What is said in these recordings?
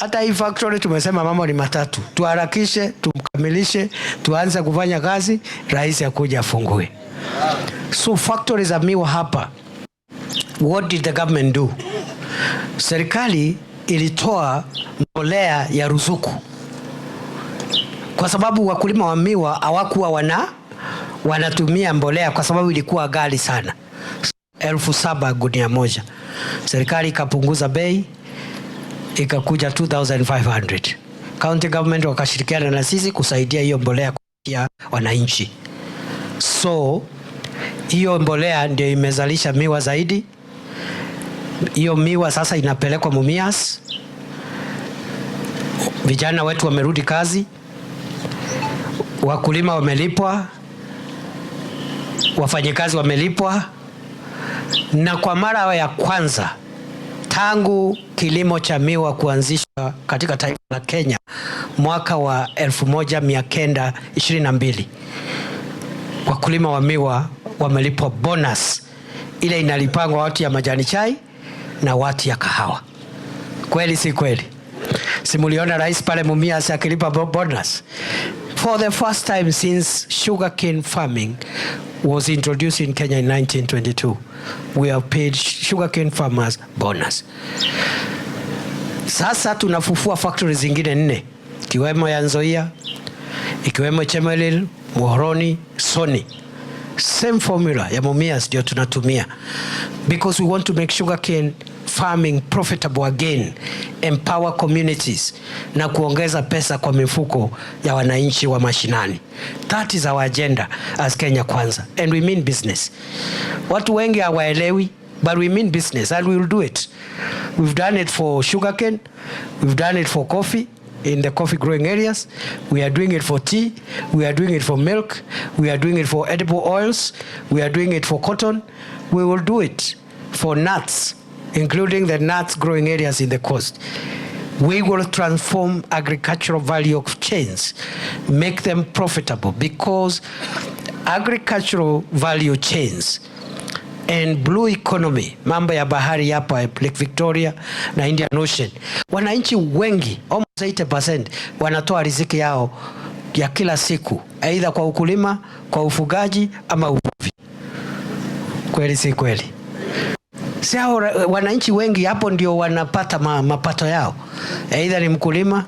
Hata hii factory tumesema mambo ni matatu, tuharakishe, tumkamilishe, tuanze kufanya kazi, rais akuja afungue. So factory za miwa hapa, what did the government do? Serikali ilitoa mbolea ya ruzuku kwa sababu wakulima wa miwa hawakuwa wana wanatumia mbolea kwa sababu ilikuwa ghali sana, elfu saba gunia moja. Serikali ikapunguza bei ikakuja 2500 county government wakashirikiana na sisi kusaidia hiyo mbolea kufikia wananchi. So hiyo mbolea ndio imezalisha miwa zaidi. Hiyo miwa sasa inapelekwa Mumias, vijana wetu wamerudi kazi, wakulima wamelipwa, wafanyikazi wamelipwa, na kwa mara ya kwanza Tangu kilimo cha miwa kuanzishwa katika taifa la Kenya mwaka wa 1922 wakulima wa miwa wamelipwa bonus ile inalipangwa watu ya majani chai na watu ya kahawa. Kweli si kweli? Simuliona rais pale Mumias akilipa bonus for the first time since sugarcane farming was introduced in Kenya in 1922. We have paid sugarcane farmers bonus. Sasa tunafufua factories zingine nne ikiwemo ya Nzoia, ikiwemo Chemelil, Muhoroni, Soni. Same formula ya Mumias ndio tunatumia because we want to make sugarcane farming profitable again, empower communities na kuongeza pesa kwa mifuko ya wananchi wa mashinani. That is our agenda as Kenya Kwanza and we mean business. Watu wengi hawaelewi but we mean business and we do it. We've done it for sugarcane, we've done it for coffee in the coffee growing areas. We are doing it for tea. We are doing it for milk. We are doing it for edible oils. We are doing it for cotton. We will do it for nuts including the nuts growing areas in the coast. We will transform agricultural value of chains, make them profitable because agricultural value chains and blue economy, mambo ya bahari hapa Lake Victoria na Indian Ocean, wananchi wengi almost 80% wanatoa riziki yao ya kila siku, aidha kwa ukulima, kwa ufugaji ama uvuvi. Kweli si kweli? si hao wananchi wengi hapo ndio wanapata ma, mapato yao, aidha ni mkulima,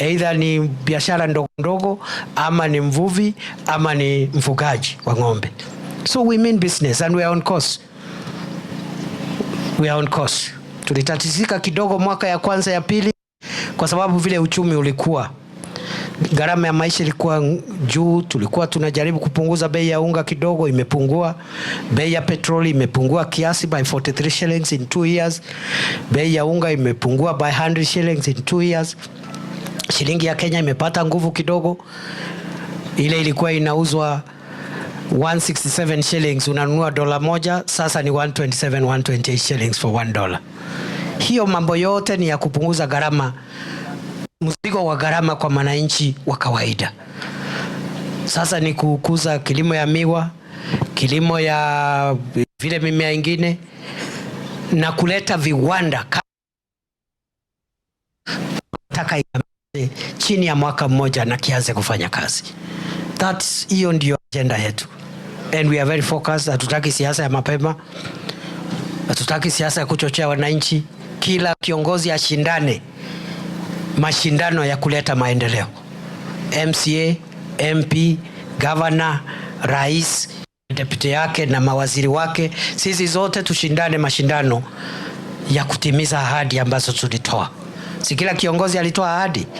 aidha ni biashara ndogo ndogo, ama ni mvuvi, ama ni mfugaji wa ng'ombe. So we mean business and we are on course, we are on course. Tulitatizika kidogo mwaka ya kwanza ya pili, kwa sababu vile uchumi ulikuwa gharama ya maisha ilikuwa juu, tulikuwa tunajaribu kupunguza bei ya unga kidogo, imepungua. Bei ya petroli imepungua kiasi by 43 shillings in 2 years. Bei ya unga imepungua by 100 shillings in 2 years. Shilingi ya Kenya imepata nguvu kidogo, ile ilikuwa inauzwa 167 shillings, unanunua dola moja, sasa ni 127, 128 shillings for 1 dollar. Hiyo mambo yote ni ya kupunguza gharama mzigo wa gharama kwa mwananchi wa kawaida. Sasa ni kukuza kilimo ya miwa, kilimo ya vile mimea ingine na kuleta viwanda taka chini ya mwaka mmoja na kianze kufanya kazi. That's hiyo ndio agenda yetu. And we are very focused. Hatutaki siasa ya mapema, hatutaki siasa ya kuchochea wananchi. Kila kiongozi ashindane mashindano ya kuleta maendeleo MCA, MP, governor, rais, deputy yake na mawaziri wake. Sisi zote tushindane mashindano ya kutimiza ahadi ambazo tulitoa. Si kila kiongozi alitoa ahadi,